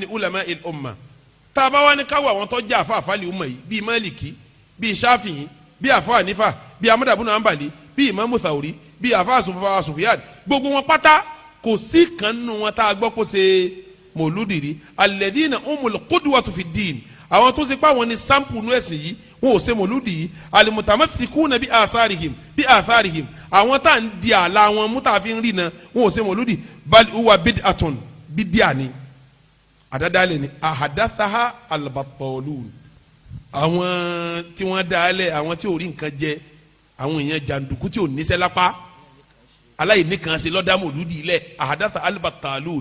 ni ulama il umma taaba wa ni kawo àwọn tó jẹ́ afa afali umma yìí bíi maliki bíi shafi'i bíi afa anifa bíi amadabu nambali bi imamu thawri bi afa asufa asufiyan gbogbo wọn pátá kò sí kan nínú wọn tá a gbọ́ kó ṣe mòlúdìrí alladhina umul qudwatu fi din àwọn tó ṣe pé àwọn ni sampo nu ẹ̀sìn yìí wọn ò ṣe mòlúdìrí alimutamaththikuna bi asarihim bi asarihim àwọn tá à ń di àlà wọn mú tàfi ń rìnà wọn ò ṣe mòlúdì bal uwa bid bídíà bidiani àdádálẹ̀ ni àhàdásáhà àlùbàpọ̀lù àwọn tí wọ́n dálẹ̀ àwọn tí ò rí nǹkan jẹ àwọn èèyàn jàǹdùkú tí ò níṣẹ́ lápá aláìní kan ṣe lọ́dàmọ̀lúdì ilẹ̀ àhàdásáhà àlùbàpọ̀lù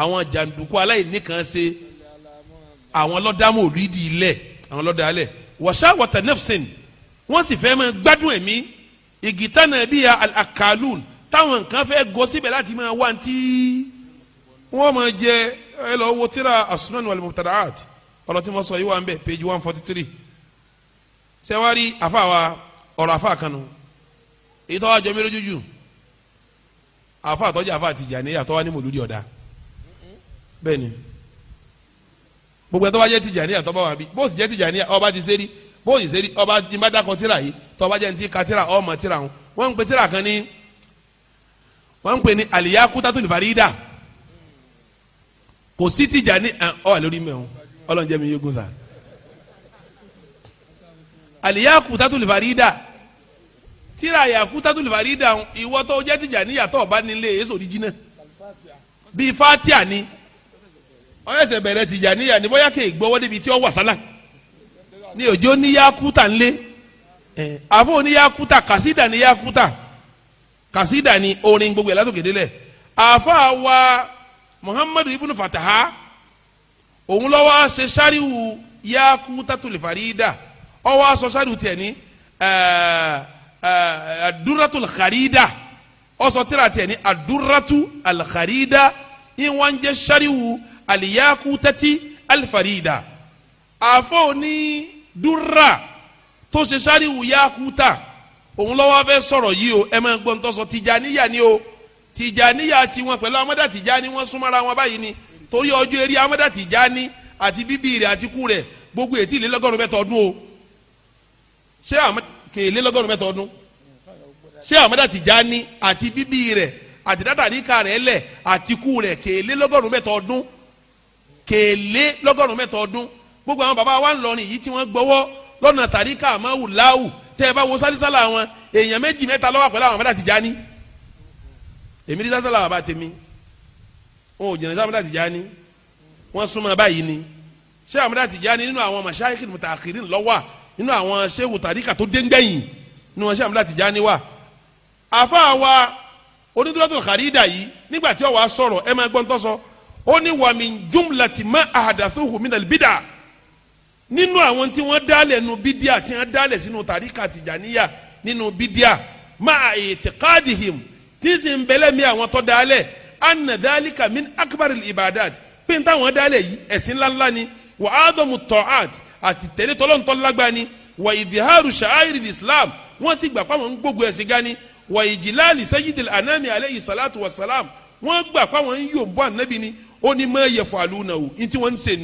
àwọn jàǹdùkú aláìní kan ṣe àwọn lọ́dàmọ̀lúdì ilẹ̀ àwọn lọ́dàálẹ̀ wàṣà wàtà nẹ́fṣin wọ́n sì fẹ́ máa gbádùn ẹ̀mí igi tánà bíi àkàlùn táwọn nǹkan fẹ́ gọ síbẹ̀ láti máa wá ní tí máa jẹ ẹ lọ wo tíra as-sunan wal mubtada'at tí mo sọ yìí wà ń bẹ̀ page one forty three sẹ́wárí àfa wa ọ̀rọ̀ àfa kanu èyí tó wá jọ mí lójújú àfa àtọ́jú àfa Tijaniya tó wá ní mòlúdi ọ̀dà bẹ́ẹ̀ ni gbogbo ẹtọ́ bá jẹ́ Tijaniya tó bá wà bí bó sì jẹ́ Tijaniya ọba ti sẹ́rí bó sì sẹ́rí ọba ti bá dákọ̀ tíra yìí tó jẹ́ ní ti ka tíra ọmọ tíra wọn wọ́n ń pe tíra kan ní wọ́n ń pe ní Al-Yaqutatul Farida kò sí tìjà ní ọ wà lórí mẹ́wọ̀n ọlọ́run jẹ́ mi yóò gùn sàn. àlìyá kùtàtù lìfàrídà tíra àyà kùtàtù lìfàrídà ìwọ tó jẹ́ tìjà ní yàtọ̀ ọba nílé èso òdìjì náà bíi fatia ni ọ̀yẹ́sẹ̀ bẹ̀rẹ̀ tìjà níyà ní bóyá kéè gbọ́wọ́ débi tí ó wà sálà ní òjò ní yakuta ńlé àfọ ní yakuta kàsídà ní yakuta kàsídà ní orin gbogbo ẹ̀ látòkè délẹ̀ àfa wa muhammadu ibnu fataha òun ló wá ṣe sáríwù yaaku tatul farida ó wá sọ sáríwù tiẹ̀ ní aduratul kharida ó sọ tírà tiẹ̀ ní aduratu alkharida ìwọ̀n jẹ́ sáríwù aliyaku tati alifarida àfọ ní dura tó ṣe sáríwù yaaku ta òun ló wá fẹ́ sọ̀rọ̀ yìí o ẹ máa gbọ́n tó sọ ni o tìjàníyà tiwọn pẹ̀lú amọ́dá tìjání wọ́n súnmọ́ra wọn báyìí ni torí ọjọ́ eré amọ́dá tìjání àti bíbí rẹ̀ àti kú rẹ̀ gbogbo ètí ìlélọ́gọ́rùn mẹ́ta ọdún o ṣé àmọ́dá ìlélọ́gọ́rùn mẹ́ta ọdún ṣé àmọ́dá tìjání àti bíbí rẹ̀ àti dádàríkà rẹ̀ lẹ̀ àti kú rẹ̀ kèlé lọ́gọ́rùn mẹ́ta ọdún kèlé lọ́gọ́rùn mẹ́ta ọdún gbogbo àwọn baba wa ń lọrin yìí tí wọ́n gbọ́wọ́ lọ́nà tàríkà àmọ́ wù èmi rí sásálà bàbá tèmi wọn ò jìnnà sí Amúdá Tìjání wọn súnmọ́ báyìí ni ṣé Amúdá Tìjání nínú àwọn màṣáìkì mùtàkìrì lọ́wọ́ nínú àwọn ṣéwù tàríkà tó déngbẹ̀yìn nínú wọn ṣé Amúdá Tìjání wà. àfa wa onídúrótò kàrídà yìí nígbà tí ó wàá sọ̀rọ̀ ẹ máa gbọ́n tó sọ ó ní wa min jumlati ma ahadathuhu minal bid'a nínú àwọn tí wọ́n dálẹ̀ nu bídíà tí wọ́n dálẹ̀ sínú tàríkà Tìjàníyà nínú bídíà máa ètè káàdìhìm tí sì ń bẹ́lẹ̀ mi àwọn tó dálẹ̀ anna dhalika min akbaril ibadat pé n táwọn dálẹ̀ yìí ẹ̀sìn ńláńlá ni wa adamu ta'at àti tẹ̀lé tọ́lọ́ntọ́ lágbá ni wa idhiharu sha'airil islam wọ́n sì gbà pàwọn ń gbógun ẹ̀sìn gani wa ijilali sayyidil anami aleyhi salatu wa salam wọ́n gbà pàwọn ń yòǹbọ̀ ànábì ni ó ní ma yaf'alunahu ntí wọ́n ń ṣe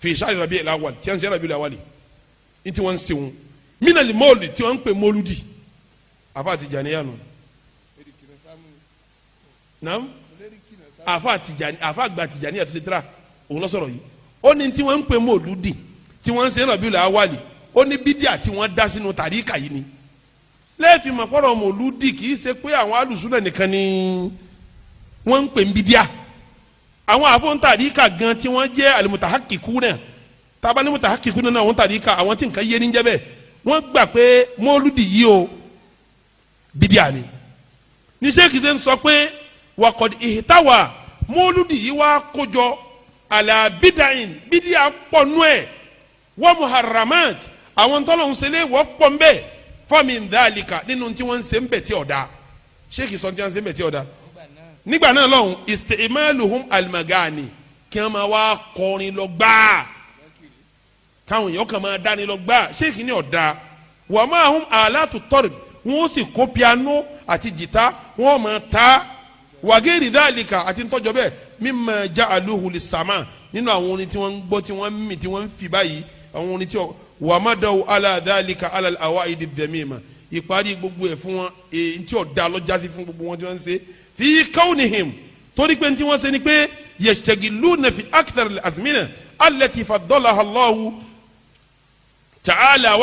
tí wọ́n ń ṣe rabi'il awwal ntí wọ́n ń ṣe wọn minal mọ́ọ̀lì tí wọ́n ń pè mọ́ọ̀lù di naam àfa Tijani àfa àgbà Tijani àti tẹtẹrà òun lọ sọ̀rọ̀ yìí ó ní tí wọ́n ń pè mọ́lúdì tí wọ́n ń ṣe Rabiul Awwal ó ní bídíà tí wọ́n dá sínú tàríkà yìí ni lẹ́ẹ̀fin mọ̀kọ́rọ̀ mọ́lúdì kì í ṣe pé àwọn alùsùnà nìkan ni wọ́n ń pè ń bídíà àwọn àfọ̀n tàríkà gan tí wọ́n jẹ́ al-mutahaqqiquna tabani mutahaqqiquna náà wọ́n tàríkà àwọn tí nǹkan yé ní jẹ́ wọ́n gbà pé mọ́lúdì yìí o bídíà ni ní sèkìsẹ́ sọ pé wakọ̀dì ìhìtawà mọ́lúdì yìí wá kójọ àlà bídàín bídìá pọ̀nú ẹ̀ wọ́n muharramat àwọn tọ́lọ́hún ṣe lé wọ́n pọ̀ ń bẹ̀ fọ́ọ̀mì ndàlíkà nínú tí wọ́n ń ṣe ń bẹ̀ tí ọ̀dà ṣéèkì sọ tí wọ́n istimaluhum almagani kí wọ́n máa wá kọrin lọ gbáà káwọn èèyàn kan máa dání lọ gbáà ṣéèkì ní ọ̀dà wọ́n máa hum alátùtọ́rì wọ́n àti jìtá wọ́n máa ta wàgẹ́rì dáàlìkà àti ntọ́jọ́ bẹ́ẹ̀ mímọ já àlóhùn lè sàmà nínú àwọn orin tí wọ́n ń gbọ́ tí wọ́n ń mì tí wọ́n ń fi báyìí àwọn orin tí ọ wàmádàwò aláàdáàlìkà aláàwá ìdí dẹ̀mí ma ìparí gbogbo ẹ̀ fún wọn èyí tí ọ̀ da lọ́jàsí fún gbogbo wọn tí wọ́n ń ṣe fi kawnihim torí pé tí wọ́n ṣe ni pé yashtagiluna fi akthar al-azmina allati faddalaha Allahu ta'ala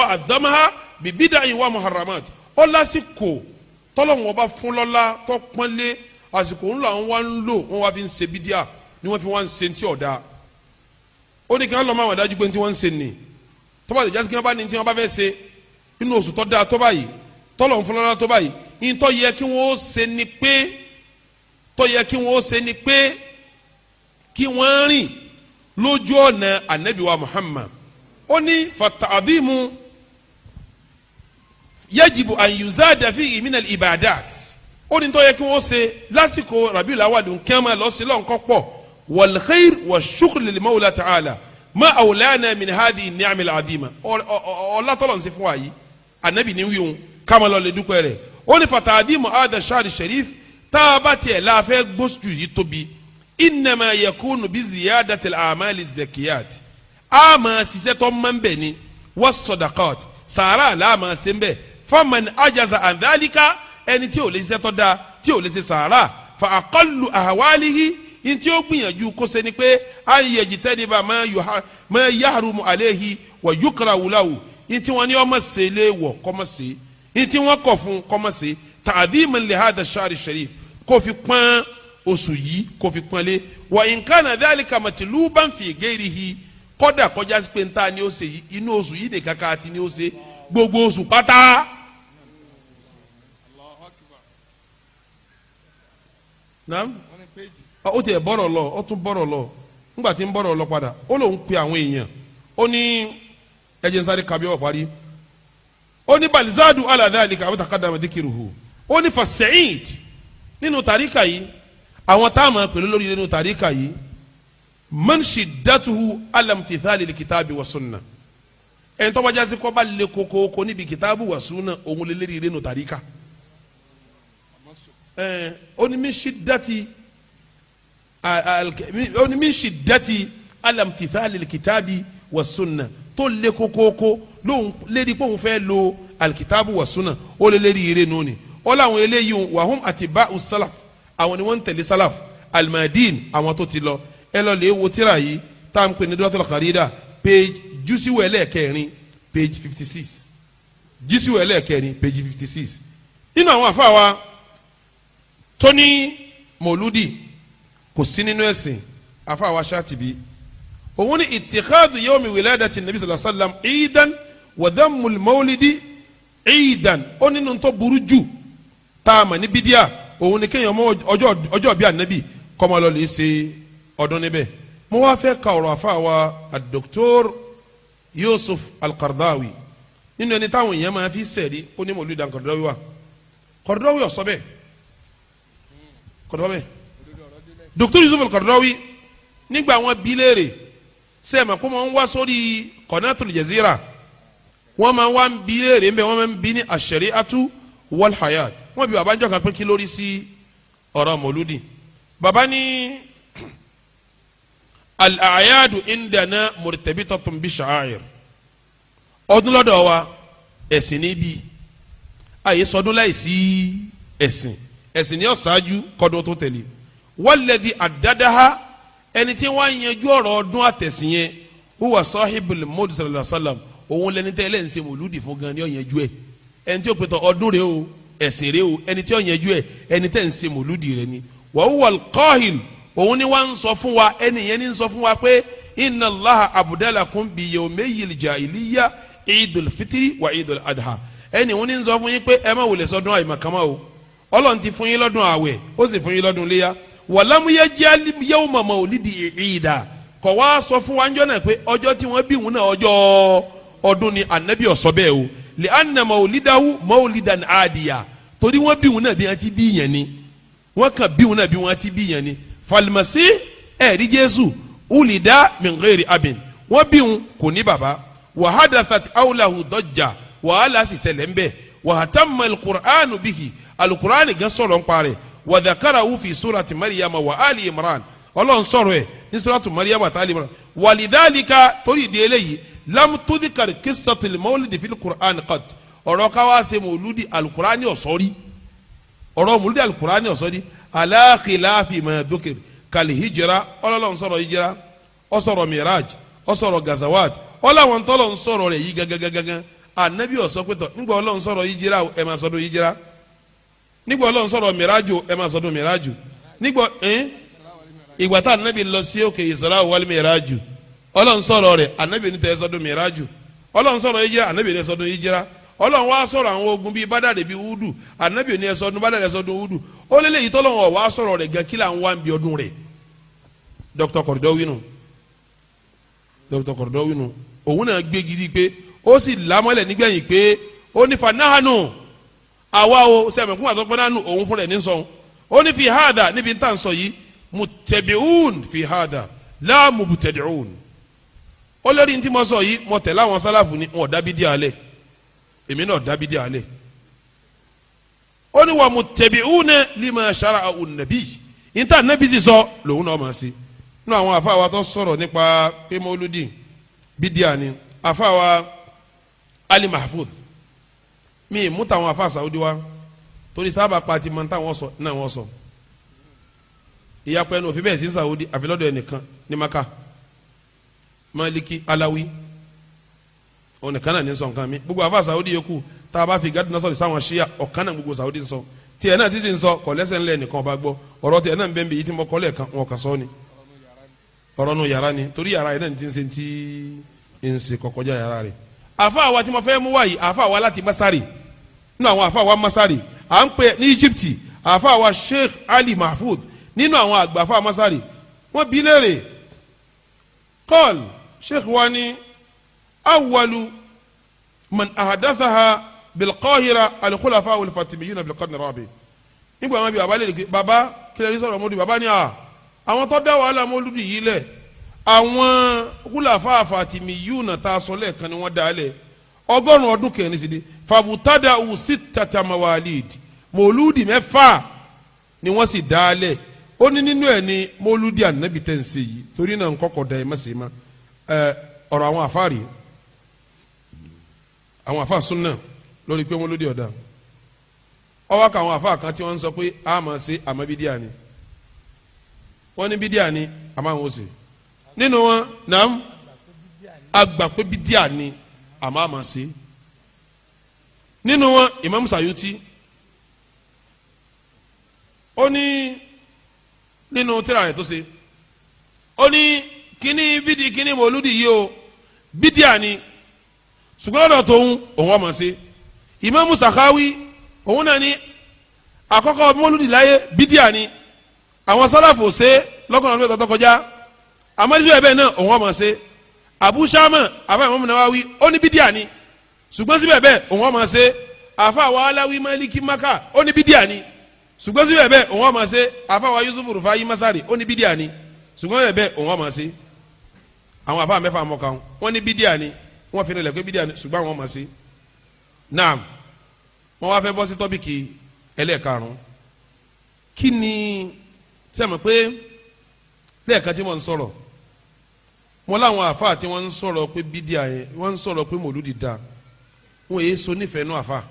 àsìkò ńlá wọn wá ń lò wọn wá fi ń ṣe bídíà ni wọn fi wá ń ṣe ti ọ̀dà ó ní kí wọn lọ máa wọn dájú pé tí wọn ń ṣe nì tọ́ba tẹ̀já sí kí wọn bá ní tí wọn bá fẹ́ ṣe inú oṣù tọ́ da tọ́ba yìí tọ́lọ̀ ń fúnra tọ́ba yìí yín yẹ kí wọn ó ṣe ni pé tọ́ yẹ kí wọn ó ṣe ni pé kí wọ́n rìn lójú ọ̀nà anabiwa Muhammad ó ní fatahadimu yajibu anyuzadafi iminal ibadat ó ní tó yẹ kí wọ́n ṣe lásìkò rabi lawadu kẹ́mà lọ́sí lọ́nkọ́ pọ̀ wal khair wa shukr lil mawla ta'ala ma awlana min hadi ni'am al adima ọ̀làtọ̀lọ̀ ń ṣe fún wa yìí anabi ni wíwọ́n kama lọ lè dúpẹ́ rẹ̀ ó ní fatahadi muhada shari sharif tá a bá tiẹ̀ láàfẹ́ gbóṣù yìí tóbi innama yakunu bi ziyadati al amali zakiyat a máa ṣiṣẹ́ tó ni wa sadaqat sàárà làá máa ṣe ń ajaza an ẹni tí ò lè ṣiṣẹ́ tó dáa tí ò lè ṣe sàárà fa àkọlù àwálihi ní tí ó gbìyànjú kó ṣe ni pé ayé jìtẹ́nibà máa yáàrúmu àléhi wà yúkàrà wùláwù ní tí wọ́n ní ọmọ ṣe lé wọ̀ kọ́mọ ṣe ní tí wọ́n kọ̀ fún kọ́mọ ṣe tàbí mẹ́lẹ̀ hàdà ṣáàrì ṣẹ̀rí kó fi pọ́n oṣù yìí kó fi pọ́n lé wà nǹkan àdáyàlì kàmàtìlú bá ń fi gẹ́rìhì kọ́dà kọjá sí pé ń ta ni ó ṣe yìí inú oṣù yìí naam ah, ó tiẹ̀ bọ́rọ̀ lọ ó tún bọ́rọ̀ lọ ńgbà tí ń bọ́rọ̀ lọ padà ó lòun pe àwọn èèyàn ó ní ẹ̀jẹ̀ nsáré kabi ọ̀ parí ó ní balizadu ala dhalika àwọn takadama dikiruhu ó ní fasẹ́yìd nínú tàríkà yìí àwọn tá a máa pèlú lórí nínú tàríkà yìí man shiddatuhu alamtithali likitabi wa sunna ẹ̀ńtọ́ bá jásí kọ́ bá le koko kò níbi kitabu wa sunna òun lè lérí nínú tàríkà ẹ onímísì dati onímísì dati alamtifa alilikitaabi wa sunna tó lé kókókó lóhùn lédi pé òun fẹ́ lo alikitaabu wa sunna ó lé lédi ire nù ni ó láwọn eléyìí wàhùn àti báhùn salaf àwọn ni wọ́n ń tẹ̀lé salaf alimadin àwọn tó ti lọ ẹ lọ lè wo tíra yìí tá à ń pè ní dọ́tàlá kàrídà page jùsíwò ẹlẹ́ẹ̀kẹrin page fifty six jùsíwò ẹlẹ́ẹ̀kẹrin page fifty six nínú àwọn àfa wa tó ní mòlúdì kò sí nínú ẹ̀sìn afáwa ṣáàtìbí òun ní ìtìkáàdù yawmi wiladati nàbí sallallahu alayhi wa sallam ìdán wàdàmùl mọ́lídì ìdán ó nínú tó burú jù tá a mọ̀ ní bídíà òun ní kéèyàn mọ ọjọ́ bíi ànábì kọ́mọ lọ lè ṣe ọdún níbẹ̀ mo wá fẹ́ ka ọ̀rọ̀ afáwa àdókítọ́r Yusuf al-Qaradawi nínú ẹni táwọn èèyàn máa fi sẹ̀rí ó ní mòlúdì al-Qaradawi wa Qaradawi ó sọ bẹ́ẹ̀ kọ̀dọ̀ bẹ́ẹ̀ Dr. Yusuf Al-Qaradawi nígbà wọn bí léèrè sẹ́ẹ̀mà kó máa ń wá sórí Qanatul Jazeera wọ́n máa ń wá bí léèrè mbẹ́ wọ́n máa ń bí ní ash-shari'atu wal hayat wọ́n bí baba jọ kan pé kí lórí sí ọ̀rọ̀ mọ̀lúdì baba ní al-a'yadu indana murtabitatun bi sha'air ọdún lọ́dọ̀ wa ẹ̀sìn níbi àyè sọdún láì sí ẹ̀sìn ẹ̀sìn ní ọ̀sáájú kọ́dún tó tẹ̀lé wọ́lẹ̀dì àdádáha ẹni tí wọ́n á yanjú ọ̀rọ̀ ọdún àtẹ̀sìn yẹn huwa sahibul mọ́dù sallallahu alayhi wa sallam òun lẹni tẹ́ ẹlẹ́yìn ṣe mòlúdì fún gan ni ó yanjú ẹ̀ ẹni tí ó pẹ̀tọ̀ ọdún rẹ o ẹ̀sìn rẹ o ẹni tí ó yanjú ẹ̀ ẹni tẹ́ ń ṣe mòlúdì rẹ ni wa huwa òun ni wọ́n sọ fún wa ẹni yẹn ni sọ fún wa pé inna Allaha abdalakum bi yawmayil jahiliyya idul fitiri wa idul adha ẹni wọ́n ọlọ́run ti fún yín lọ́dún àwẹ̀ ó sì fún yín lọ́dún léyà wàlámúyẹ jẹ́ yẹ́wò mọ̀mọ́ òlídìí ìdá kọ̀ wá sọ fún wa ńjọ́ náà pé ọjọ́ tí wọ́n bí òun náà ọjọ́ ọdún ni ànábì ọ̀sọ́ bẹ́ẹ̀ o lè ànà mọ̀ òlídàwù mọ̀ òlídàn àdìyà torí wọ́n bí òun náà bí wọ́n ti bí yẹn ni wọ́n kàn bí òun náà bí wọ́n ti bí yẹn ni falimasi ẹ̀rí jésù òlìdá mìngẹ́rì abin wọ́n bí òun kò ní bàbá wàhádà tàti àwòlà alukurani gan sọ̀rọ̀ ń parẹ́ wàdàkàrà wùfì surati mariama wa ali imran ọlọ́run sọ̀rọ̀ ẹ̀ ní surati mariama àti ali imran wàlídàlíkà torí ìdí eléyìí lam tudikari kisatil mawlidi fil kur'an qat ọ̀rọ̀ káwá ṣe mọ̀lúdi alukurani ọ̀sọ́rí ọ̀rọ̀ mọ̀lúdi alukurani ọ̀sọ́rí ala khilafi ma dhukir kàlí hijira ọlọ́run sọ̀rọ̀ hijira ọ̀sọ̀rọ̀ miraj ọ̀sọ̀rọ̀ gazawat ọlọ́run tọ́lọ̀ ń sọ̀rọ̀ rẹ̀ yí gangan gangan anabi ọ̀sọ́ pẹ̀tọ̀ nígbà ọlọ́run hijira ẹ̀ máa hijira nígbà ọlọ́run sọ̀rọ̀ mìíràjò ẹ máa sọdún mìíràjò nígbà ìgbà tá ànábì lọ sí òkè ìsàrà wàlí mìíràjò ọlọ́run sọ̀rọ̀ rẹ̀ ànábì ní tẹ́ mìíràjò ọlọ́run sọ̀rọ̀ ànábì ní ọlọ́run wá sọ̀rọ̀ àwọn ogun bíi bádàdé bíi wúdù ànábì ní wúdù ó bi àwa o sẹmẹkún àtọpẹnánu òun fúnra ẹni sọhun ó ní fi hàdà níbi tá à ń sọ yìí mùtẹ̀bíhùn fi hàdà láàmù mùtẹ̀díhùn ó lórí ní tí mo sọ yìí mo tẹ̀lé àwọn sálàfù ni wọn dábí díẹ̀ alẹ́ èmi náà dábí díẹ̀ alẹ́ ó ní wà mùtẹ̀bíhùn lima sara àwọn nàbí yìí tá nàbí sì sọ lòun náà máa ṣe nínú àwọn àfáàwá tó sọ̀rọ̀ nípa pé bídíà ni àfáàwá Ali Mahfud mi ì mú tàwọn afa Saudi wa torí sábà pati mọ̀ táwọn sọ náà wọ́n sọ ìyapẹ́ ẹnu òfin bẹ́ẹ̀ sí Saudi àfilọ́dọ̀ ẹnìkan ní maka Maliki Alawi ọ̀nìkan náà ní sọ nǹkan mi gbogbo afa Saudi yòókù tá a bá fi gádùn náà sọ̀rọ̀ sáwọn ṣíà ọ̀kan náà gbogbo Saudi sọ tiẹ̀ náà títí sọ kọ̀lẹ́sẹ̀ ńlẹ̀ nìkan ọba gbọ́ ọ̀rọ̀ tiẹ̀ náà ń bẹ́ẹ̀ yìí ti mọ kọ́lẹ̀ kan wọn kà sọ ni ọ̀rọ̀ nu yàrá ni torí yàrá yìí náà ti ń se ti ń se kọ̀kọ́jà yàrá rẹ̀ àfa àwa tí mo fẹ́ mú wáyìí àfa àwa láti Basari nínú àwọn àfa wa masari à ń pè ní Egypt àfa wa Sheikh Ali Mahfoud nínú àwọn àgbà àfa masari wọ́n bi léèrè kọ́ọ̀l Sheikh wa ni awalu man ahadathaha bilqahira alikulafa walifatimiyuna bilqarni rabi nígbà wọn bi baba lè gbé baba kílẹ̀ ní sọ̀rọ̀ mọ́lùdì baba ni a àwọn tó dá wàhálà mọ́lùdì yìí lẹ̀ àwọn kulafa fatimiyuna tá a sọ lẹ́ẹ̀kan ni wọ́n dá lẹ̀ ọgọ́rùn-ún ọdún kẹ́rin sí de fabutada usi tatamawalid mòlúdi mẹ́fà ni wọ́n sì dálẹ̀ ó ní nínú ẹ̀ ni mòlúdi ànábì tẹ̀ ń ṣe yìí torí náà nkọ́kọ̀ da ẹ̀ má ṣe má ẹ ọ̀rọ̀ àwọn àfáàrí àwọn àfáà súnà lórí pé mòlúdi ọ̀dà ọwọ́ ka àwọn àfáà kan tí wọ́n ń sọ pé a máa ṣe àmọ́ bídíà ni wọ́n ní bídíà ni àmọ́ àwọn ò ṣe nínú wọn nàám àgbà pé bídíà àmọ́ àmọ́ ṣe nínú wọn Imam Sayuti ó ní nínú tíra rẹ̀ tó ṣe ó ní kíní bídí kíní mòlúdì yìí o bídí àní ṣùgbọ́n ọ̀dọ̀ tóun òun ọmọ ṣe Imam Sakhawi òun náà ní àkọ́kọ́ mòlúdì láyé bídí àní àwọn sálàfò ṣe lọ́kànlá ló tọ́tọ́ kọjá àmọ́ síbẹ̀ bẹ́ẹ̀ náà òun ọmọ ṣe Abu Shama àbáyọ̀mọ́mọ́ náà wá wí ó ní bídí àní ṣùgbọ́n síbẹ̀ bẹ́ẹ̀ òun ọmọ ṣe àfa wa aláwi maliki maka ó ní bídíà ni ṣùgbọ́n síbẹ̀ bẹ́ẹ̀ òun ọmọ ṣe àfa wa yusuf rufai masari ó ní bídíà ni ṣùgbọ́n síbẹ̀ bẹ́ẹ̀ òun ọmọ ṣe àwọn àfa mẹ́fà mọ̀ kan ní bídíà ni wọ́n fi rìnlẹ̀ pé bídíà ni ṣùgbọ́n àwọn ọmọ ṣe naam wọ́n wá fẹ́ bọ́ sí tọ́bìkì ẹlẹ́ẹ̀karùn-ún kí ni sẹ́mi pé lẹ́ẹ̀kan tí mo sọ̀rọ̀ mo láwọn àfa tí wọ́n sọ̀rọ̀ pé bídíà yẹn wọ́n sọ̀rọ̀ pé mòlúdi dáa wọn èyí so nífẹ̀ẹ́ nù àfa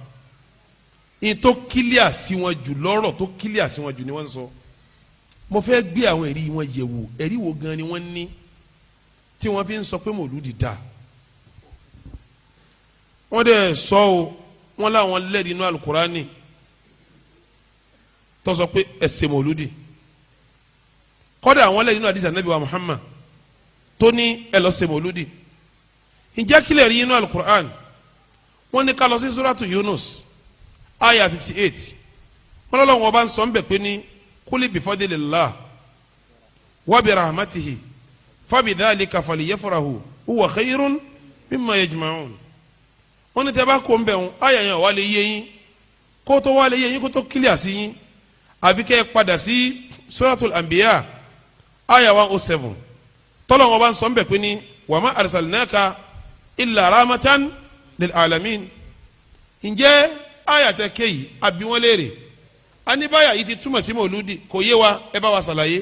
ní tó kílíà sí wọn jù lọ́rọ̀ tó kílíà sí wọn jù ni wọ́n ń sọ mo fẹ́ gbé àwọn ẹ̀rí wọn yẹ̀ wò ẹ̀rí wo gan ni wọ́n ní tí wọ́n fi ń sọ pé mòlúdi dà wọ́n dẹ̀ sọ o wọ́n láwọn lẹ́ẹ̀dì inú alukurani tó sọ pé ẹ̀sẹ̀ mòlúdi kọ́dà àwọn lẹ́ẹ̀dì inú àdìsá nàbí wa Muhammad tó ní ẹ̀lọ́sẹ̀ mòlúdi ǹjẹ́ kílẹ̀ rí inú alukurani wọ́n ní ká lọ sí suratu Yunus aya fifty eight wọ́n lọ́wọ́ ọba ń sọ ń bẹ̀ pé ní kuli bifadilillah wa birahmatihi fabidhalika falyafrahu huwa khayrun mimma yajma'un wọ́n ní tẹ́ bá kó ń bẹ̀ wọn aya yẹn wà lè yé yín kó tó wà lè yé yín kó tó kílíà sí yín àbí kẹ́ ẹ padà sí suratul anbiya aya one oh seven tọ́lọ́wọ́ ọba ń sọ ń bẹ̀ pé ní wàmà arsalnaka illa rahmatan lil alamin ǹjẹ́ àyàtẹ̀ kéyìí àbí wọ́n léèrè aníbàyà yìí ti túmọ̀ sí mòlúdi kò yé wa ẹ bá wa ṣàlàyé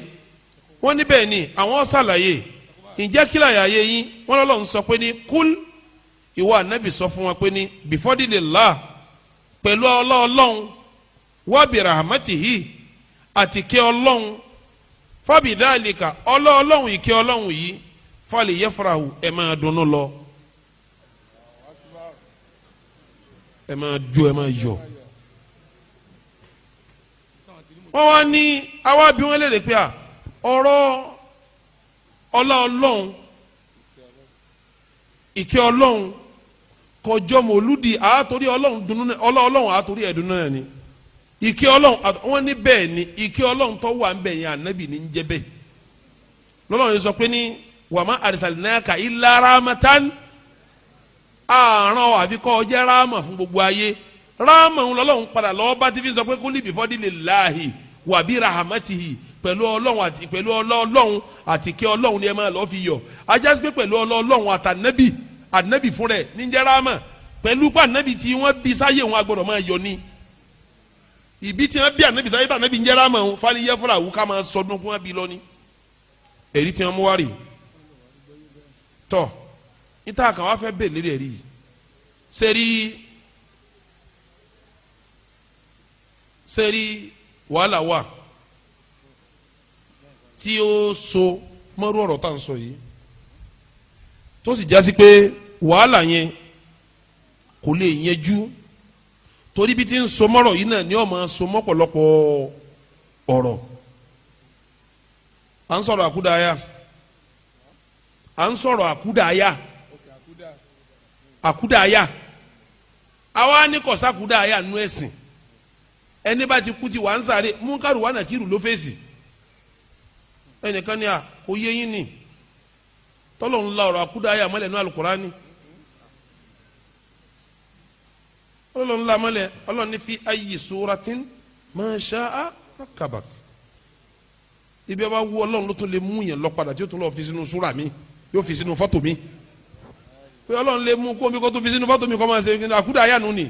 wọ́n níbẹ̀ ni àwọn ṣàlàyé ǹjẹ́ kílà yàyé yín wọ́n lọ́lọ́ ń sọ pé ní kúl ìwọ ànábì sọ fún wa pé ní bifadilillah pẹ̀lú ọlọ́ọ̀lọ́hún wa birahmatihi àti kí ọlọ́hún fábìdálìkà ọlọ́ọ̀lọ́hún ìkí ọlọ́hún yìí fàlìyẹ́farahu ẹ̀ máa dunnú lọ. ẹ máa jó ẹ máa yọ̀ wọ́n wá ní àwa bí wọ́n lè rè pé à ọ̀rọ̀ ọlá ọlọ́run ìkẹ́ ọlọ́run kọjọ́ mọ̀lúdi àátorí ọlọ́run dunu náà ọlá ọlọ́run àátorí ẹ̀dùn náà ni ìkẹ́ ọlọ́run wọ́n ní bẹ́ẹ̀ ni ìkẹ́ ọlọ́run tó wà ń bẹ̀ yẹn ànábì ní ń jẹ́ bẹ́ẹ̀ lọ́lọ́run yìí sọ pé ní wàmà àrísàlẹ̀ náà kà í lára mẹ́tánì àrùn àfikọ́ jẹ́ ráàmà fún gbogbo ayé ráàmà ń lọ́lọ́run padà lọ́ọ́ bá ti fi sọ pé kó líbi fọ́dílé láàhì wàbí rahamatihi pẹ̀lú ọlọ́run àti pẹ̀lú ọlọ́run àti kí ọlọ́run ni ẹ máa lọ́ọ́ fi yọ ajásí pé pẹ̀lú ọlọ́run àtànẹ́bì ànẹ́bì fún rẹ̀ níjẹ́ ráàmà pẹ̀lú pé ànẹ́bì tí wọ́n bí sáyé wọn agbọ́dọ̀ máa yọ ni ìbí tí wọ́n bí ànẹ́bì sáyé tànẹ́bì níjẹ́ ráàmà wọn fani yẹ fúnra wù ká máa sọdún kí wọ́n bí lọ ni èyí tí wọ́n mú wá rè tọ́ níta kan wá fẹ́ bẹ̀ lérí ẹ̀rí yìí sẹ́rí wàhálà wà tí ó so mọ́rú ọ̀rọ̀ tá à ń sọ yìí tó sì jásí pé wàhálà yẹn kò lè yẹjú torí bí ti ń so mọ́rọ̀ yìí náà ni ó máa so mọ́ ọ̀rọ̀ à ń sọ̀rọ̀ àkúdàáyà à ń sọ̀rọ̀ àkúdàáyà àkúdàáyà àwa ní kọ̀sá àkúdàáyà nú ẹ̀sìn ẹni bá ti kú ti wà ń sáré múkàrú wà nàkírù ló fèsì ẹnìkan ni à kò yé yín ni tọ́lọ̀ alukurani ọlọ́run ńlá mọ́lẹ̀ ọlọ́run ní fi suratin ma sha'a rakkabak ibi ọba wú ọlọ́run ló tún lè mú yẹn lọ padà tí ó tún lọ fi sínú mi yóò fi sínú mi pé ọlọ́run lè mú kóńbí kó tó fi sínú fọ́tò mi kọ́ máa ṣe kí ni àkúdà ayánu ni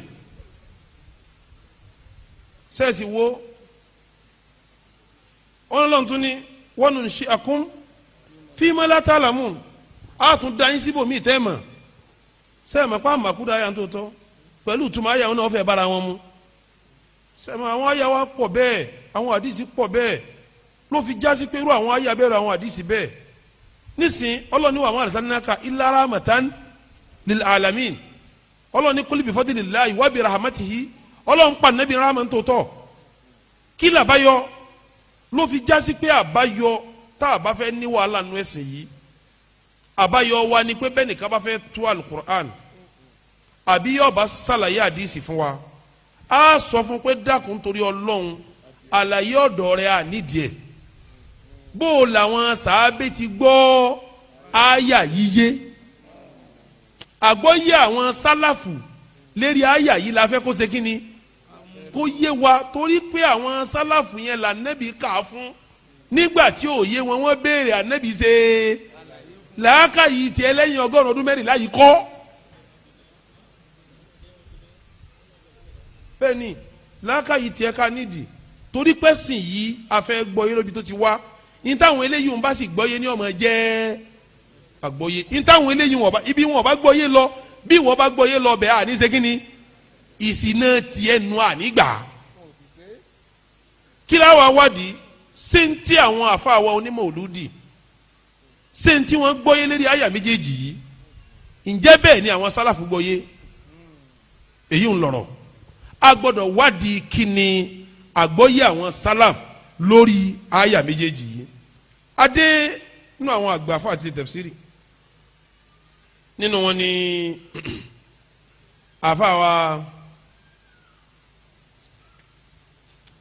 sẹ́ẹ̀sì wo ọlọ́run tún ní wọ́n nù ṣe àkún fíìmọ́lá tá a là mú a tún da yín síbò míì tẹ́ sẹ́ẹ̀mọ̀ pa àmàkúdà ayánu tó tọ́ pẹ̀lú ìtumọ̀ ayánu náà fẹ́ bára wọn mu sẹ́ẹ̀mọ̀ àwọn ayá wa pọ̀ bẹ́ẹ̀ àwọn àdìsí pọ̀ bẹ́ẹ̀ ló fi jásí pé irú àwọn ayé abẹ́rẹ́ àwọn àdìsí bẹ́ẹ̀ nísìnyí ọlọ́ni wà àwọn àdìsá nínú aka ìlara mọ̀tán lil alamin ọlọ́run ní kúlíbi fadlillahi wa bi rahmatihi ọlọ́run pa nàbí rahama ń tòótọ́ kí làbáyọ ló fi jásí pé àbáyọ tá a bá fẹ́ ní wàhálà nu ẹ̀sìn yìí àbáyọ wa ni pé bẹ́ẹ̀ nìkan bá fẹ́ tú alukur'an àbí yóò bá ṣàlàyé àdìsí fún wa a sọ fún pé dákun torí ọlọ́run àlàyé ọ̀dọ̀ rẹ̀ bó làwọn sàábé ti gbọ́ àyà yíyé àgbọ́yé àwọn sálàfù lérí àyà yìí la fẹ́ kó ṣe kí ni kó yé wa torí pé àwọn sálàfù yẹn là nẹ́bí kà á fún nígbà tí ò yé wọn wọ́n béèrè ànẹ́bí ṣe làákàyè tiẹ̀ lẹ́yìn ọgọ́rùn ọdún mẹ́rìnlá yìí kọ́. bẹ́ẹ̀ni làákàyè tiẹ̀ ká nídìí torí pẹ́sìn yìí a fẹ́ gbọ́ yé lóbi tó ti wá ní táwọn eléyìí ń bá sì gbọ́ yé ní ọmọ jẹ́ àgbọ́yé ní táwọn eléyìí wọn bá ibi wọn bá gbọ́yé lọ bí wọn bá gbọ́yé lọ bẹ́ẹ̀ àní ṣe kínní ìsìnà tiẹ̀ nu ànígbà kí láwa wádìí ṣé ń tí àwọn àfa wa onímọ̀ òlùdì ṣé ń tí wọ́n gbọ́yé lérí àyà méjèèjì yìí ǹjẹ́ bẹ́ẹ̀ ni àwọn sálàfù gbọ́yé èyí ń lọ̀rọ̀ a gbọ́dọ̀ wádìí kí ni àgbọ́yé àwọn sálàfù lórí àyà méjèèjì yìí adé nínú àwọn àgbà fún àti tẹ̀fsírì nínú wọn ni wa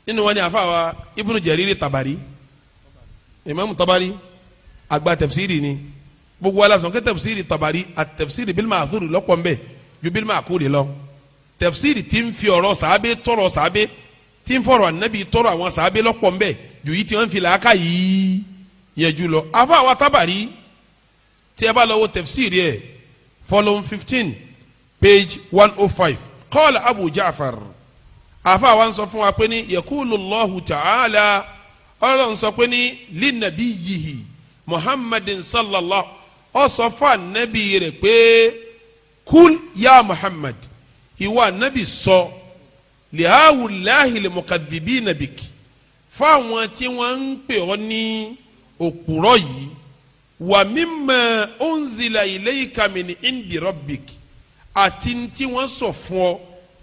nínú wọn ni wa ibùnú jẹrìírì tabari imaamu tabari àgbà tẹfsiri ni gbogbo alasan kẹ tẹfsiri tabari àti tẹfsiri bilima àtúrù ju bilima àkúrè lọ tẹfsiri ti ń fi ọ̀rọ̀ sàábé tọrọ sàábé tí ń fọ̀rọ̀ ànábì tọrọ àwọn sàábé lọ́pọ̀ ju yìí tí wọ́n fi làákà yìí yẹjú lọ àfàwà tabari tí ẹ bá lọ wo tẹfsiri yẹ volume fifteen page one oh five qala abu jaafar afa wa sọ fún wa pé ní yakulu allahu ta'ala ọlọ́run sọ pé ní linabi yihi muhammadin sallallahu ọ sọ fún anabi rẹ̀ pé kul ya muhammad Iwa anabi sọ lihawulahi lemukadibi nabiki fáwọn tí wọ́n ń pè ọ́ ní òpùrọ́ yìí wà mímọ onzila ilayka min indi rabbik àti tí wọ́n sọ fún ọ